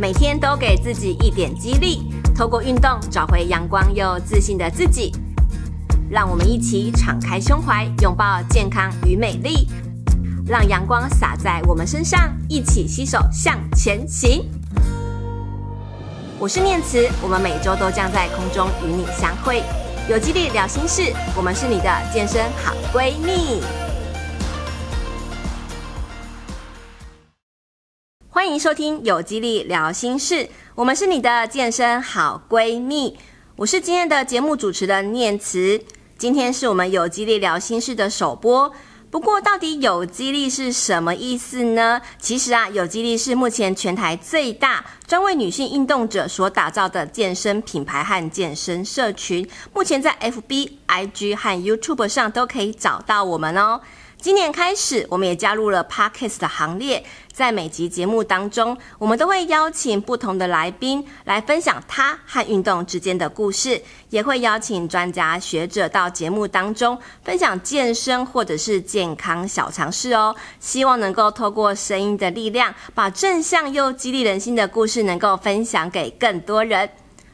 每天都給自己一點激勵，透過運動找回陽光又自信的自己。讓我們一起敞開胸懷，擁抱健康與美麗，讓陽光灑在我們身上，一起攜手向前行。我是念慈，我們每周都將在空中與你相會，有肌勵療心室，我們是你的健身好閨蜜。歡迎收聽有肌勵療心室，我們是你的健身好閨蜜，我是今天的節目主持人念慈，今天是我們有肌勵療心室的首播。不過，到底有肌勵是什麼意思呢？其實啊，有肌勵是目前全台最大專為女性運動者所打造的健身品牌和健身社群，目前在 FB、IG 和 YouTube 上都可以找到我們哦。今年開始，我們也加入了 podcasts 的行列。在每集節目當中，我們都會邀請不同的來賓來分享他和運動之間的故事，也會邀請專家學者到節目當中分享健身或者是健康小常識哦。希望能夠透過聲音的力量，把正向又激勵人心的故事能夠分享給更多人。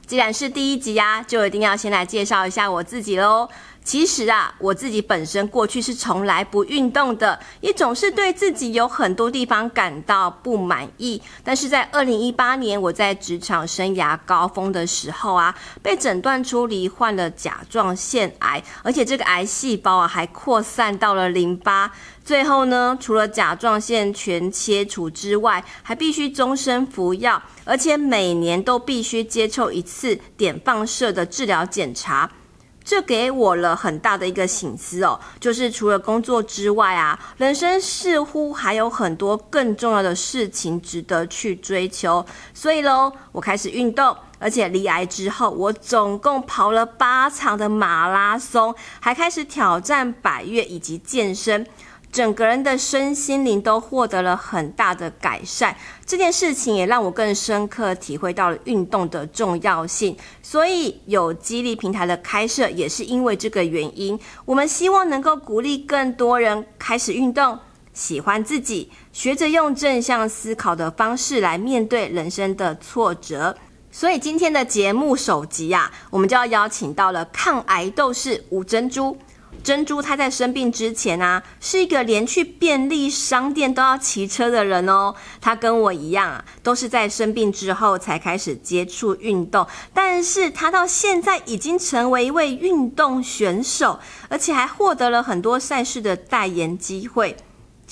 既然是第一集呀、啊，就一定要先來介紹一下我自己嘍。其實啊，我自己本身過去是從來不運動的，也總是對自己有很多地方感到不滿意。但是在二零一八年，我在職場生涯高峰的時候啊，被診斷出罹患了甲狀腺癌，而且這個癌細胞啊還擴散到了淋巴。最後呢，除了甲狀腺全切除之外，還必須終身服藥，而且每年都必須接受一次碘放射的治療檢查。這給我了很大的一個省思哦，就是除了工作之外啊，人生似乎還有很多更重要的事情值得去追求。所以嘍，我開始運動，而且罹癌之後，我總共跑了八場的馬拉松，還開始挑戰百岳以及健身。整個人的身心靈都獲得了很大的改善，這件事情也讓我更深刻體會到了運動的重要性。所以有肌勵平台的開設也是因為這個原因，我們希望能夠鼓勵更多人開始運動，喜歡自己，學着用正向思考的方式來面對人生的挫折。所以今天的節目首集啊，我們就要邀請到了抗癌鬥士，吳珍珠。珍珠她在生病之前啊，是一個連去便利商店都要騎車的人哦。她跟我一樣啊，都是在生病之後才開始接觸運動，但是她到現在已經成為一位運動選手，而且還獲得了很多賽事的代言機會。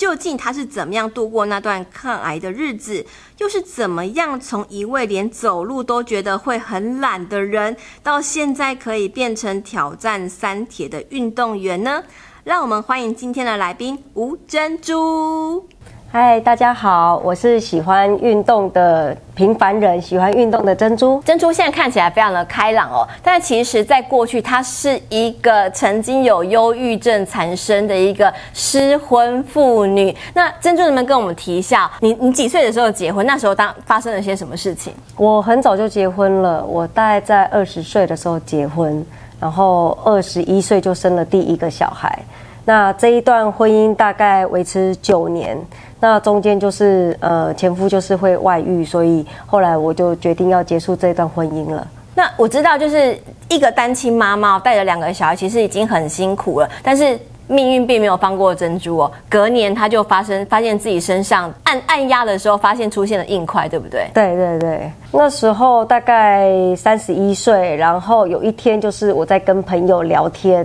究竟她是怎麼樣度過那段抗癌的日子？又是怎麼樣從一位連走路都覺得會很懶的人，到現在可以變成挑戰三鐵的運動員呢？讓我們歡迎今天的來賓吳珍珠。嗨，Hi, 大家好，我是喜歡運動的平凡人，喜歡運動的珍珠。珍珠現在看起來非常的開朗哦，但其實，在過去，她是一個曾經有憂鬱症纏身的一個失婚婦女。那珍珠，能不能跟我們提一下，你你幾歲的時候結婚？那時候當發生了些什麼事情？我很早就結婚了，我大概在二十歲的時候結婚，然後二十一歲就生了第一個小孩。那這一段婚姻大概維持九年，那中間就是呃前夫就是會外遇，所以後來我就決定要結束這段婚姻了。那我知道，就是一個單親媽媽帶着兩個小孩，其實已經很辛苦了。但是命運並沒有放過珍珠哦，隔年她就發生，發現自己身上按按壓的時候，發現出現了硬塊，對不對？對對對，那時候大概三十一歲，然後有一天就是我在跟朋友聊天，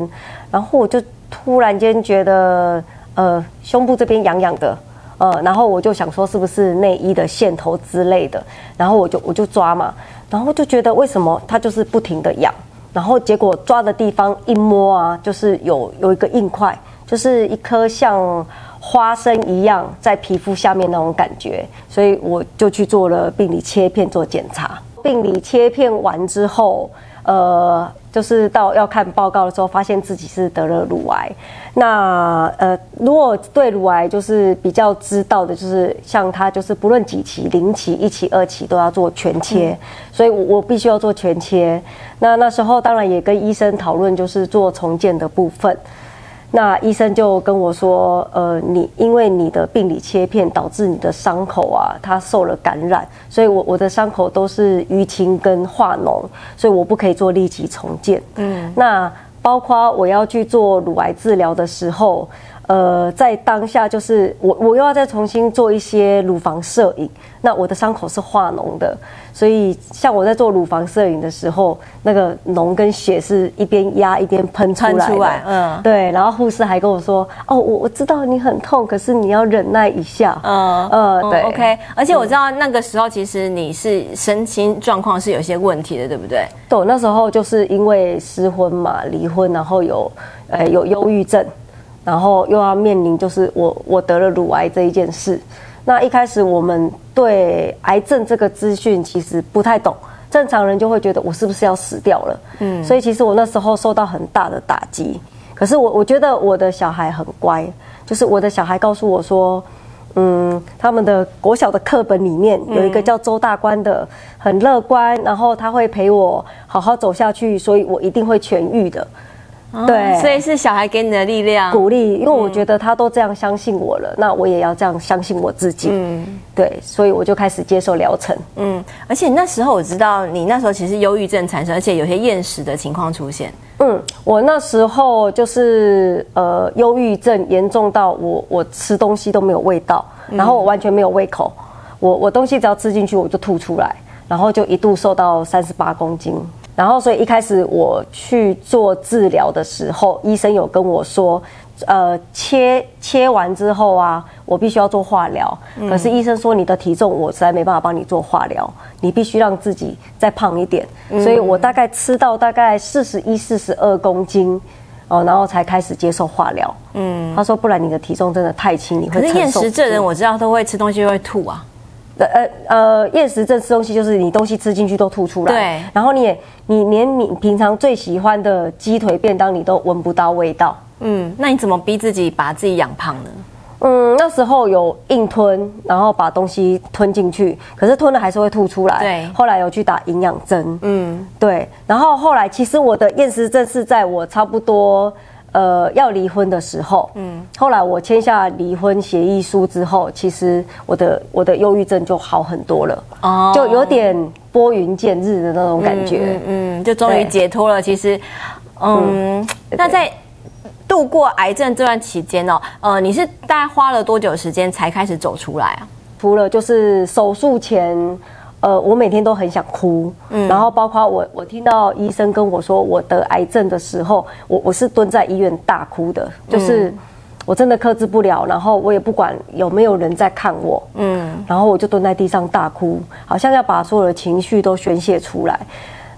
然後我就。突然間覺得，呃，胸部這邊癢癢的，呃，然後我就想說是不是內衣的線頭之類的，然後我就我就抓嘛，然後就覺得為什麼它就是不停的癢，然後結果抓的地方一摸啊，就是有有一個硬塊，就是一顆像花生一樣在皮膚下面那種感覺，所以我就去做了病理切片做檢查，病理切片完之後，呃，就是到要看報告的時候，發現自己是得了乳癌。那呃，如果對乳癌就是比較知道的，就是像他就是不論幾期，零期、一期、二期都要做全切，嗯、所以我我必須要做全切。那那時候當然也跟醫生討論，就是做重建的部分。那醫生就跟我說：“呃，你因為你的病理切片導致你的傷口啊，它受了感染，所以我我的傷口都是淤青跟化膿，所以我不可以做立即重建。”嗯，那包括我要去做乳癌治療的時候。呃，在當下就是我，我又要再重新做一些乳房攝影。那我的傷口是化膿的，所以像我在做乳房攝影的時候，那個膿跟血是一邊壓一邊噴出來，出來嗯，對。然後護士還跟我說：“哦，我我知道你很痛，可是你要忍耐一下。嗯呃嗯”嗯嗯，對。OK，而且我知道那個時候其實你是身心狀況是有些問題的，對不對？對，那時候就是因為失婚嘛，離婚，然後有呃有憂鬱症。然後又要面臨就是我我得了乳癌這一件事。那一開始我們對癌症這個資訊其實不太懂，正常人就會覺得我是不是要死掉了？嗯，所以其實我那時候受到很大的打擊。可是我我覺得我的小孩很乖，就是我的小孩告訴我說，嗯，他們的國小的課本裡面有一個叫周大觀的，很樂觀，然後他會陪我好好走下去，所以我一定會痊癒的。對、哦，所以是小孩給你的力量鼓勵。因為我覺得他都這樣相信我了，嗯、那我也要這樣相信我自己。嗯，對，所以我就開始接受療程。嗯，而且那時候我知道你那時候其實憂鬱症產生，而且有些厭食的情況出現。嗯，我那時候就是呃，憂鬱症嚴重到我我吃東西都沒有味道，嗯、然後我完全沒有胃口，我我東西只要吃進去我就吐出來，然後就一度瘦到三十八公斤。然後，所以一開始我去做治療的時候，醫生有跟我說，呃，切切完之後啊，我必須要做化療。嗯。可是醫生說，你的體重我實在沒辦法幫你做化療，你必須讓自己再胖一點。嗯。所以我大概吃到大概四十一、四十二公斤，哦，呃，然後才開始接受化療。嗯。他說，不然你的體重真的太輕，你會承受不住。可是厭食症這人我知道都會吃東西會吐啊。呃呃厭食症吃東西就是你東西吃進去都吐出來，對。然後你也，你連你平常最喜歡的雞腿便當，你都聞不到味道。嗯，那你怎麼逼自己把自己養胖呢？嗯，那時候有硬吞，然後把東西吞進去，可是吞了還是會吐出來。對。後來有去打營養針。嗯，對。然後後來其實我的厭食症是在我差不多。呃，要離婚的時候，嗯，後來我簽下離婚協議書之後，其實我的我的憂鬱症就好很多了，哦，就有點撥雲見日的那種感覺，嗯,嗯,嗯就終於解脫了。對其實，嗯，那、嗯、在度過癌症這段期間哦，呃，你是大概花了多久的時間才開始走出來啊？除了就是手術前。呃，我每天都很想哭，嗯，然後包括我，我聽到醫生跟我說我得癌症的時候，我我是蹲在醫院大哭的，就是我真的克制不了，然後我也不管有沒有人在看我，嗯，然後我就蹲在地上大哭，好像要把所有的情緒都宣洩出來。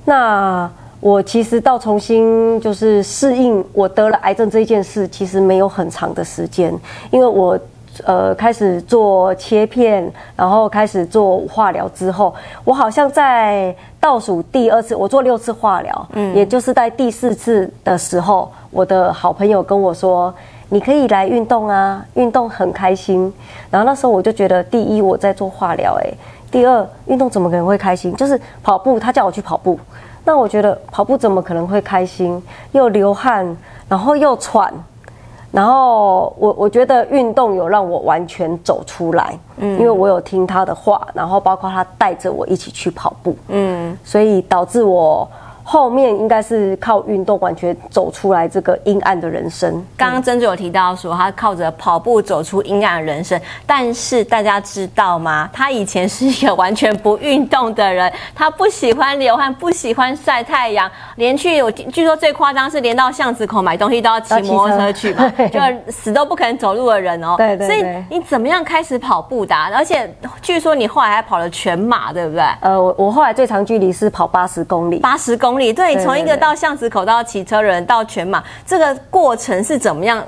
那我其實到重新就是適應我得了癌症這件事，其實沒有很長的時間，因為我。呃，開始做切片，然後開始做化療之後，我好像在倒數第二次，我做六次化療，嗯，也就是在第四次的時候，我的好朋友跟我說：“你可以來運動啊，運動很開心。”然後那時候我就覺得，第一我在做化療，誒，第二運動怎麼可能會開心？就是跑步，他叫我去跑步，那我覺得跑步怎麼可能會開心？又流汗，然後又喘。然後我我覺得運動有讓我完全走出來，嗯，因為我有聽他的話，然後包括他帶着我一起去跑步，嗯，所以導致我。後面應該是靠運動完全走出來這個陰暗的人生。剛剛珍珠有提到說他靠着跑步走出陰暗的人生，但是大家知道嗎？他以前是一個完全不運動的人，他不喜歡流汗，不喜歡曬太陽，連去有據說最誇張是連到巷子口買東西都要騎摩托車去嘛，騎就死都不肯走路的人哦、喔。對對對，對。所以你怎麼樣開始跑步的、啊？而且據說你後來還跑了全馬，對不對？呃，我我後來最長距離是跑八十公里，八十公。你對從一個到巷子口到騎車人到全馬，這個過程是怎麼樣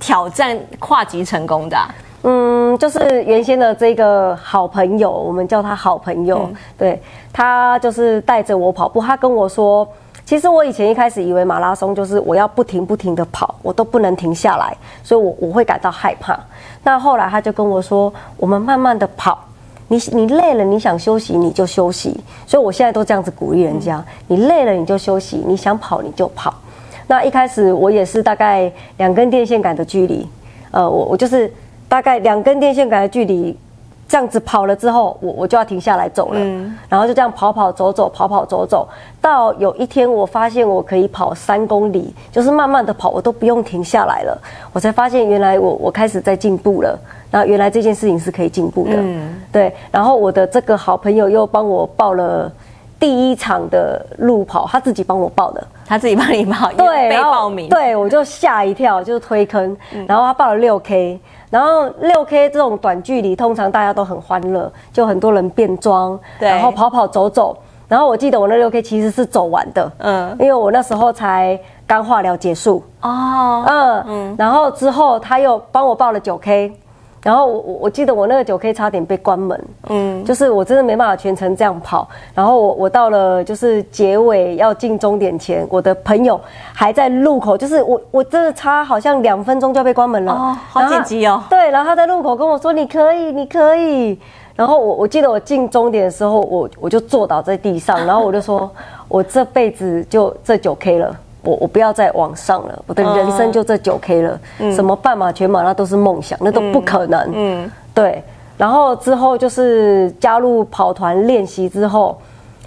挑戰跨級成功的、啊？嗯，就是原先的這個好朋友，我們叫他好朋友，嗯、對，他就是帶着我跑步。他跟我說，其實我以前一開始以為馬拉松就是我要不停不停的跑，我都不能停下來，所以我我會感到害怕。那後來他就跟我說，我們慢慢的跑。你你累了，你想休息你就休息，所以我現在都這樣子鼓勵人家：你累了你就休息，你想跑你就跑。那一開始我也是大概兩根電線桿的距離，呃，我我就是大概兩根電線桿的距離。這樣子跑了之後，我我就要停下來走了，嗯、然後就這樣跑跑走走，跑跑走走到有一天，我發現我可以跑三公里，就是慢慢的跑，我都不用停下來了，我才發現原來我我開始在進步了。那原來這件事情是可以進步的，嗯、對。然後我的這個好朋友又幫我報了第一場的路跑，他自己幫我報的，他自己幫你對報，對，沒報名。對，我就嚇一跳，就是推坑，嗯、然後他報了六 K。然後六 K 這種短距離，通常大家都很歡樂，就很多人變裝，對然後跑跑走走。然後我記得我那六 K 其實是走完的，嗯，因為我那時候才剛化療結束。哦，嗯，嗯。然後之後他又幫我報了九 K。然後我我記得我那個九 K 差點被關門，嗯，就是我真的沒辦法全程這樣跑。然後我我到了就是結尾要進終點前，我的朋友還在路口，就是我我真的差好像兩分鐘就要被關門了，哦，好緊急哦。對，然後他在路口跟我說你可以，你可以。然後我我記得我進終點的時候，我我就坐倒在地上，然後我就說 我這輩子就這九 K 了。我我不要再往上了，我的人生就這九 k 了，哦，嗯，什麼半馬、全馬，那都是夢想，那都不可能。嗯，嗯對。然後之後就是加入跑團練習之後，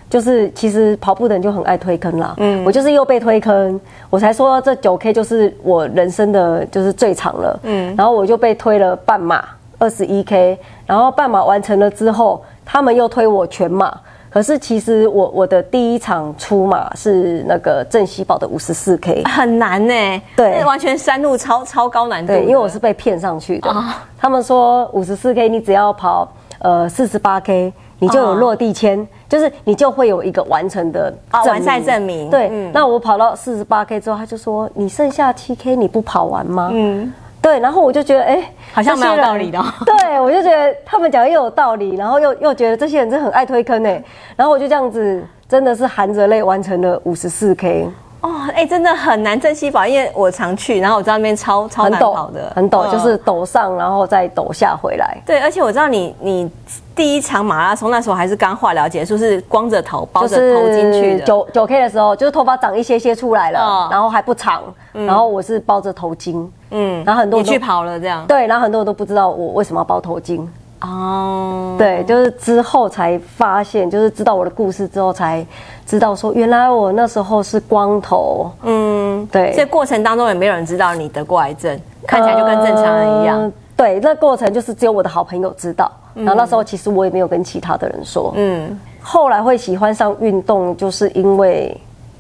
就是其實跑步的人就很愛推坑啦。嗯，我就是又被推坑，我才說這九 k 就是我人生的就是最長了。嗯，然後我就被推了半馬二十一 k，然後半馬完成了之後，他們又推我全馬。可是其實我我的第一場初馬是那個鎮西堡的五十四 K，很難呢、欸。對，完全山路超超高難度對，因為我是被騙上去的。啊、他們說五十四 K，你只要跑呃四十八 K，你就有落地簽，啊、就是你就會有一個完成的啊，完賽證明。對，嗯、那我跑到四十八 K 之後，他就說你剩下七 K 你不跑完嗎？嗯。對，然後我就覺得，哎、欸，好像蠻有道理的、哦。對，我就覺得他們講的又有道理，然後又又覺得這些人真的很愛推坑哎。然後我就這樣子，真的是含着淚完成了五十四 K。哦，哎、欸，真的很難珍惜寶，因為我常去，然後我在那邊超超難跑的，很陡，很陡呃、就是陡上然後再陡下回來。對，而且我知道你你。第一場馬拉松那時候還是剛化療結束，是，是光着頭包着頭巾去的。九九 k 的時候，就是頭髮長一些些出來了，哦、然後還不長。嗯、然後我是包着頭巾，嗯，然後很多你去跑了這樣。對，然後很多人都不知道我為什麼要包頭巾。哦，對，就是之後才發現，就是知道我的故事之後，才知道說原來我那時候是光頭。嗯，對。這過程當中也沒有人知道你得過癌症，看起來就跟正常人一樣、呃。對，那過程就是只有我的好朋友知道。然後那時候其實我也沒有跟其他的人說。嗯，後來會喜歡上運動，就是因為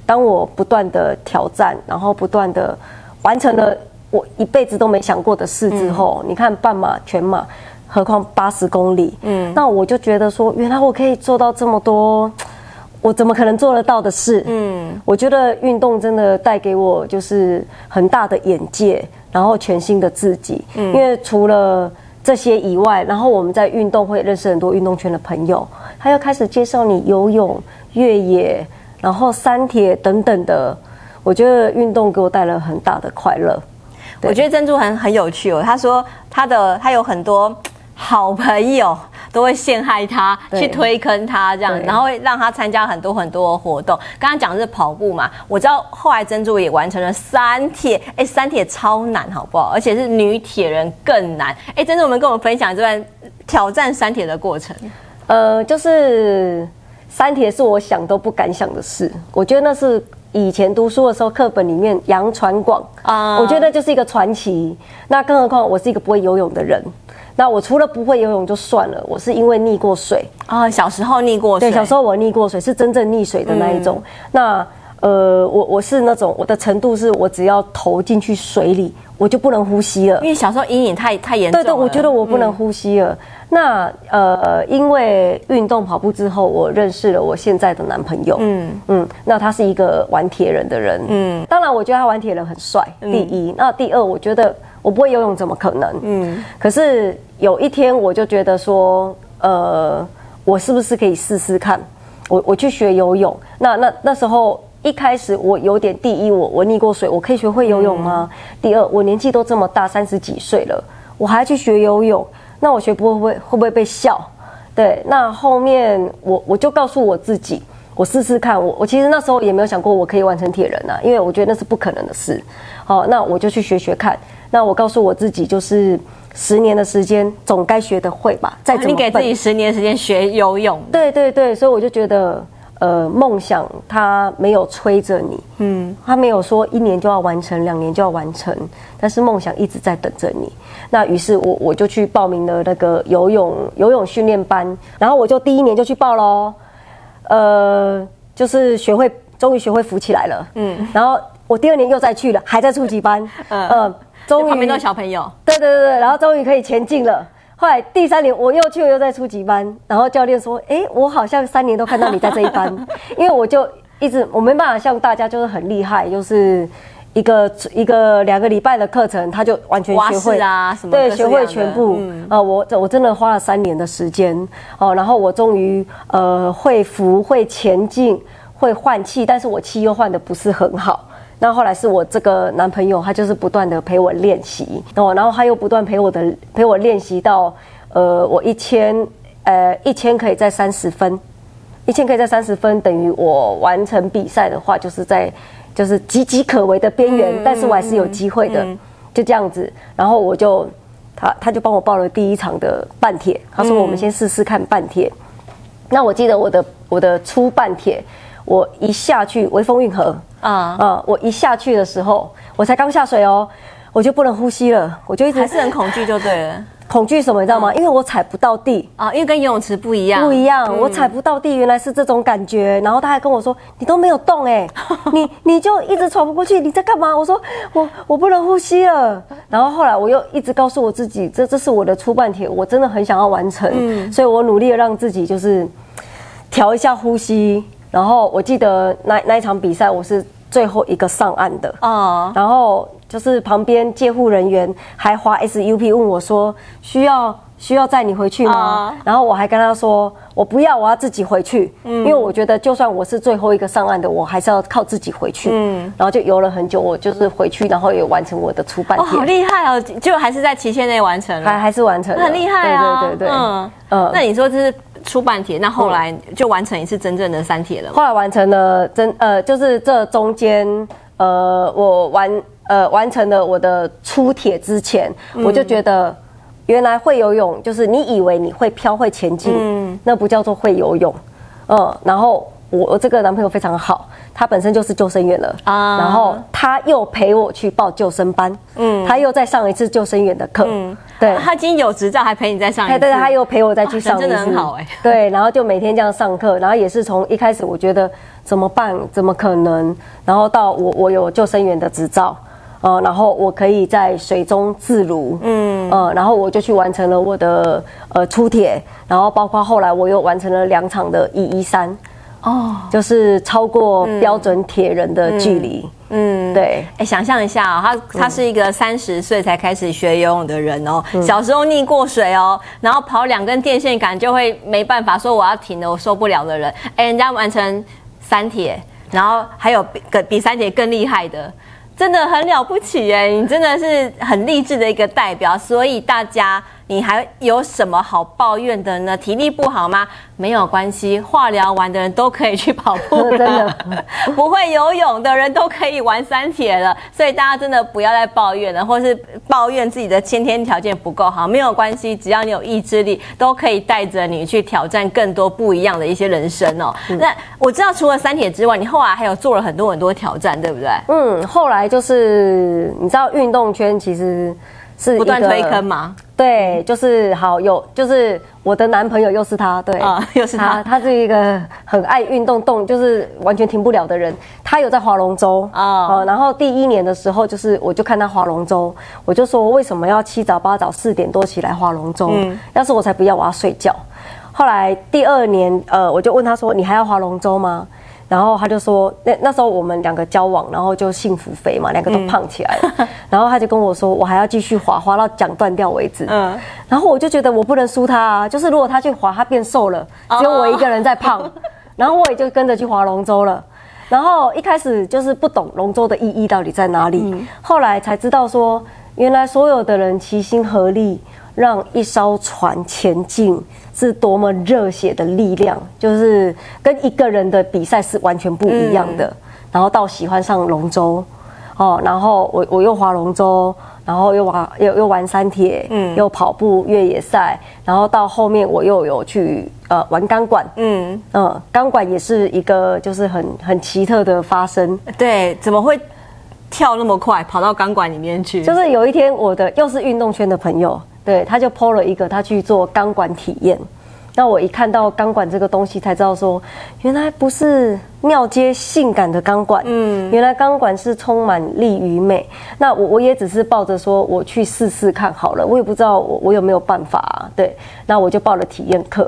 當我不斷的挑戰，然後不斷的完成了我一輩子都沒想過的事之後，嗯，你看半馬、全馬，何況八十公里？嗯，那我就覺得說，原來我可以做到這麼多，我怎麼可能做得到的事？嗯，我覺得運動真的帶給我就是很大的眼界，然後全新的自己。嗯，因為除了。這些以外，然後我們在運動會認識很多運動圈的朋友，他要開始介紹你游泳、越野，然後三鐵等等的。我覺得運動給我帶來很大的快樂。我覺得珍珠很很有趣哦，他說他的他有很多好朋友。都會陷害他。對去推坑他這樣。對然後會讓他參加很多很多的活動。剛剛講的是跑步嘛。我知道後來珍珠也完成了三鐵，哎，三鐵超難，好不好？而且是女鐵人更難。哎，珍珠，我們跟我們分享這段挑戰三鐵的過程。呃，就是三鐵是我想都不敢想的事，我覺得那是以前讀書的時候課本裡面楊傳廣啊，嗯，我覺得那就是一個傳奇。那更何況我是一個不會游泳的人。那我除了不會游泳就算了，我是因為溺過水啊、哦，小時候溺過水。對，小時候我溺過水，嗯、是真正溺水的那一種。那呃，我我是那種我的程度是，我只要投進去水裡，我就不能呼吸了。因為小時候陰影太太嚴重了。對，對對，我覺得我不能呼吸了。嗯、那呃，因為運動跑步之後，我認識了我現在的男朋友。嗯嗯，那他是一個玩鐵人的人。嗯，當然我覺得他玩鐵人很帥。第一，嗯、那第二，我覺得。我不會游泳，怎麼可能？嗯。可是有一天，我就覺得說，呃，我是不是可以試試看？我我去學游泳。那那那時候一開始，我有點第一我，我我溺過水，我可以學會游泳嗎？嗯、第二，我年紀都這麼大，三十幾歲了，我還要去學游泳，那我學不會，會會不會被笑？對。那後面我我就告訴我自己，我試試看。我我其實那時候也沒有想過我可以完成鐵人吶、啊，因為我覺得那是不可能的事。好，那我就去學學看。那我告訴我自己，就是十年的時間總該學得會吧。那、啊、你給自己十年的時間學游泳？對對對，所以我就覺得，呃，夢想它沒有催着你，嗯，它沒有說一年就要完成，兩年就要完成，但是夢想一直在等着你。那於是我我就去報名了那個游泳游泳訓練班，然後我就第一年就去報嘍，呃，就是學會，終於學會浮起來了，嗯，然後。我第二年又再去了，還在初級班，嗯、呃，終於旁邊都小朋友，對對對，然後終於可以前進了。後來第三年我又去了，又在初級班，然後教練說：“誒，我好像三年都看到你在這一班， 因為我就一直我沒辦法像大家就是很厲害，就是一個一個兩個禮拜的課程他就完全學會啦、啊。什麼的對，學會全部。啊、嗯呃，我我真的花了三年的時間哦、呃，然後我終於呃會浮，會前進、會換氣，但是我氣又換的不是很好。”那後來是我這個男朋友，他就是不斷的陪我練習，哦、然後他又不斷陪我的陪我練習到，呃，我一千，呃，一千可以在三十分，一千可以在三十分，等於我完成比賽的話，就是在就是岌岌可危的邊緣，嗯、但是我還是有機會的，嗯嗯、就這樣子。然後我就他他就幫我報了第一場的半鐵，他說我們先試試看半鐵。嗯、那我記得我的我的初半鐵。我一下去微風運河啊啊、uh, 嗯！我一下去的時候，我才剛下水哦、喔，我就不能呼吸了，我就一直還是很恐懼，就對了。 恐懼什麼，你知道嗎？Uh, 因為我踩不到地啊，uh, 因為跟游泳池不一樣，不一樣，嗯、我踩不到地，原來是這種感覺。然後他還跟我說：“嗯、你都沒有動哎、欸， 你你就一直喘不過氣，你在幹嘛？”我說：“我我不能呼吸了。”然後後來我又一直告訴我自己，這這是我的初半鐵，我真的很想要完成，嗯、所以我努力的讓自己就是調一下呼吸。然後我記得那那一場比賽，我是最後一個上岸的。oh. 然後就是旁邊救護人員還劃 S U P 問我說：“需要需要載你回去嗎？” oh. 然後我還跟他說：“我不要，我要自己回去。”嗯，因為我覺得就算我是最後一個上岸的，我還是要靠自己回去。嗯，然後就游了很久，我就是回去，然後也完成我的初半。Oh, 好厲害哦，就還是在期限內完成了，還還是完成了，那很厲害啊！對，對對對，嗯嗯，嗯那你說這是？出半鐵，那後來就完成一次真正的三鐵了嗎？後來完成了真呃，就是這中間呃，我完呃完成了我的出鐵之前，嗯、我就覺得原來會游泳就是你以為你會漂會前進，嗯、那不叫做會游泳，嗯、呃，然後。我這個男朋友非常好，他本身就是救生員了啊。然後他又陪我去報救生班，嗯，他又再上一次救生員的課，嗯，對、啊。他今天有執照，還陪你再上一次。對，他又陪我再去上一次。啊、真的很好哎、欸。對，然後就每天這樣上課，然後也是從一開始我覺得怎麼辦，怎麼可能？然後到我我有救生員的執照，呃，然後我可以在水中自如，嗯，呃，然後我就去完成了我的呃初鐵，然後包括後來我又完成了兩場的一一三。哦，oh, 就是超過標準鐵人的距離，嗯，對。哎、欸，想象一下、喔，他他是一個三十歲才開始學游泳的人哦、喔，嗯、小時候溺過水哦、喔，然後跑兩根電線桿就會沒辦法說，我要停了，我受不了的人。哎、欸，人家完成三鐵，然後還有比比三鐵更厲害的，真的很了不起哎、欸，你真的是很勵志的一個代表，所以大家。你還有什麼好抱怨的呢？體力不好嗎？沒有關係，化療完的人都可以去跑步了。真的， 不會游泳的人都可以玩三鐵了。所以大家真的不要再抱怨了，或是抱怨自己的先天條件不夠好，沒有關係，只要你有意志力，都可以帶着你去挑戰更多不一樣的一些人生哦。那、嗯、我知道，除了三鐵之外，你後來還有做了很多很多挑戰，對不對？嗯，後來就是你知道，運動圈其實。是不斷推坑嘛。對，就是好有，就是我的男朋友又是他。對啊、哦，又是他，他，他是一個很愛運動，動、動就是完全停不了的人。他有在划龍舟啊，然後第一年的時候，就是我就看他划龍舟，我就說為什麼要七早八早四點多起來划龍舟？嗯，要是我才不要，我要睡覺。後來第二年，呃，我就問他說：“你還要划龍舟嗎？”然後他就說，那那時候我們兩個交往，然後就幸福肥嘛，兩個都胖起來了。嗯、然後他就跟我說，我還要繼續划，划到槳斷掉為止。嗯。然後我就覺得我不能輸他、啊，就是如果他去划，他變瘦了，只有我一個人在胖。哦、然後我也就跟着去划龍舟了。然後一開始就是不懂龍舟的意義到底在哪裡，嗯、後來才知道說，原來所有的人齊心合力，讓一艘船前進。是多麼熱血的力量，就是跟一個人的比賽是完全不一樣的。嗯、然後到喜歡上龍舟，哦、嗯，然後我我又划龍舟，然後又玩又又玩山鐵，嗯，又跑步越野賽，然後到後面我又有去呃玩鋼管，嗯嗯，嗯、鋼管也是一個就是很很奇特的發生。對，怎麼會跳那麼快跑到鋼管裡面去？就是有一天我的又是運動圈的朋友。對，他就 PO 了一個，他去做鋼管體驗。那我一看到鋼管這個東西，才知道說，原來不是廟街性感的鋼管，嗯，原來鋼管是充滿力與美。那我我也只是抱着說，我去試試看好了，我也不知道我我有沒有辦法啊。對，那我就報了體驗課。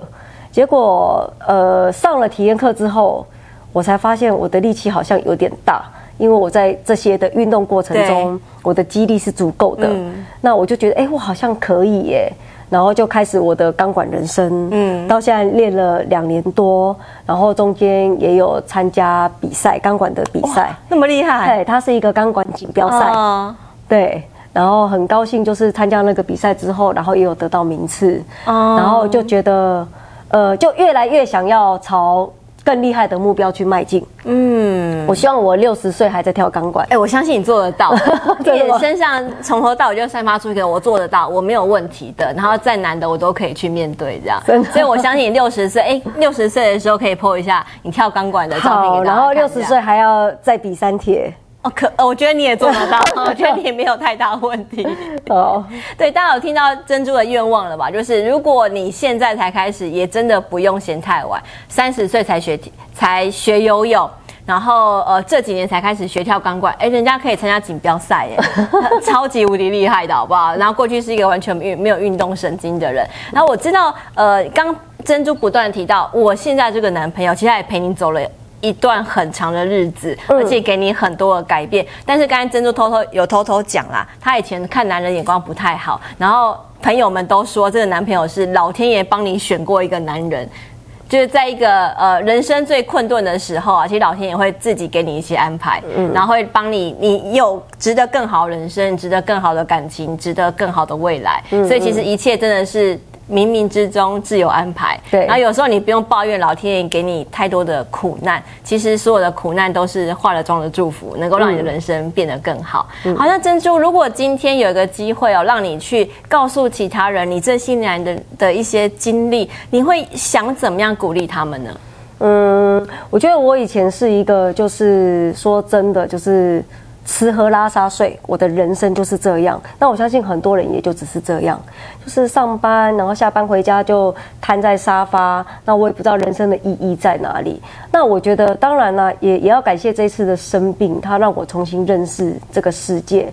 結果，呃，上了體驗課之後，我才發現我的力氣好像有點大。因為我在這些的運動過程中，對我的肌力是足夠的，嗯、那我就覺得，哎、欸，我好像可以耶、欸，然後就開始我的鋼管人生，嗯，到現在練了兩年多，然後中間也有參加比賽，鋼管的比賽。那麼厲害！對，它是一個鋼管錦標賽，哦、對，然後很高興就是參加那個比賽之後，然後也有得到名次，哦、然後就覺得，呃，就越來越想要朝。更厲害的目標去邁進。嗯，我希望我六十歲還在跳鋼管。哎、欸，我相信你做得到。自己 對身上從頭到尾就散發出一個我做得到，我沒有問題的。然後再難的我都可以去面對這樣。的所以我相信你六十歲，哎、欸，六十歲的時候可以 po 一下你跳鋼管的照片給大家看這樣。好，然後六十歲還要再比三鐵。哦，可，我覺得你也做得到， 我覺得你也沒有太大問題。哦，對，大家有聽到珍珠的願望了吧？就是如果你現在才開始，也真的不用嫌太晚。三十歲才學，才學游泳，然後呃，這幾年才開始學跳鋼管，哎、欸，人家可以參加錦標賽，耶，超級無敵厲害的好不好？然後過去是一個完全運沒有運動神經的人。然後我知道，呃，剛珍珠不斷提到，我現在這個男朋友其實也陪你走了，一段很長的日子，而且給你很多的改變。嗯，但是剛才珍珠偷偷有偷偷講啦，啊，她以前看男人眼光不太好，然後朋友們都說這個男朋友是老天爺幫你選過一個男人，就是在一個呃人生最困頓的時候啊，其實老天爺會自己給你一些安排，嗯，然後會幫你，你有值得更好人生，值得更好的感情，值得更好的未來。嗯，所以其實一切真的是。冥冥之中自有安排，對。然後有時候你不用抱怨老天爺給你太多的苦難，其實所有的苦難都是化了妝的祝福，能夠讓你的人生變得更好。嗯、好，那珍珠，如果今天有一個機會哦，讓你去告訴其他人你這些年來的的一些經歷，你會想怎麼樣鼓勵他們呢？嗯，我覺得我以前是一個，就是說真的，就是。吃喝拉撒睡，我的人生就是這樣。那我相信很多人也就只是這樣，就是上班，然後下班回家就癱在沙發。那我也不知道人生的意義在哪裡。那我覺得，當然了，也也要感謝這次的生病，它讓我重新認識這個世界。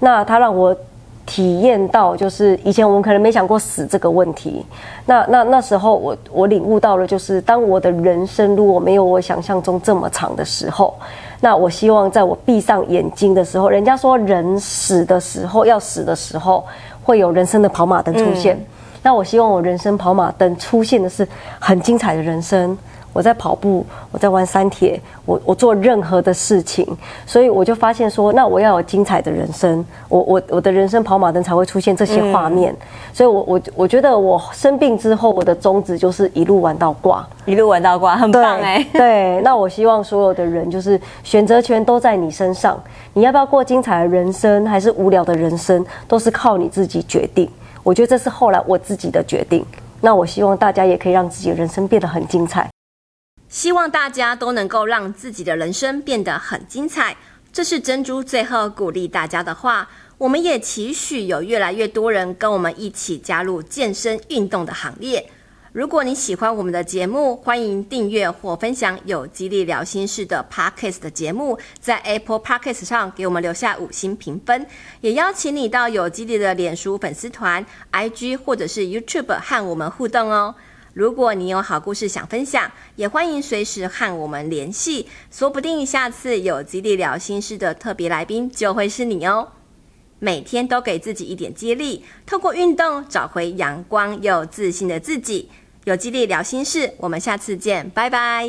那它讓我。體驗到就是以前我們可能沒想過死這個問題，那那那時候我我領悟到了，就是當我的人生如果沒有我想象中這麼長的時候，那我希望在我閉上眼睛的時候，人家說人死的時候要死的時候，會有人生的跑馬燈出現，嗯，那我希望我人生跑馬燈出現的是很精彩的人生。我在跑步，我在玩三鐵，我我做任何的事情，所以我就發現說，那我要有精彩的人生，我我我的人生跑馬燈才會出現這些畫面，嗯、所以我我我覺得我生病之後，我的宗旨就是一路玩到掛，一路玩到掛，很棒哎、欸。對，那我希望所有的人就是選擇權都在你身上，你要不要過精彩的人生，還是無聊的人生，都是靠你自己決定。我覺得這是後來我自己的決定，那我希望大家也可以讓自己的人生變得很精彩。希望大家都能夠讓自己的人生變得很精彩，這是珍珠最後鼓勵大家的話。我們也期許有越來越多人跟我們一起加入健身運動的行列。如果你喜歡我們的節目，歡迎訂閱或分享有肌勵療心室的 Podcast 的節目，在 Apple Podcast 上給我們留下五星評分，也邀請你到有肌勵的臉書粉絲團、IG 或者是 YouTube 和我們互動哦。如果你有好故事想分享，也歡迎隨時和我們聯繫。說不定下次有肌勵療心室的特別來賓就會是你哦！每天都給自己一點激勵，透過運動找回陽光又自信的自己。有肌勵療心室，我們下次見，拜拜。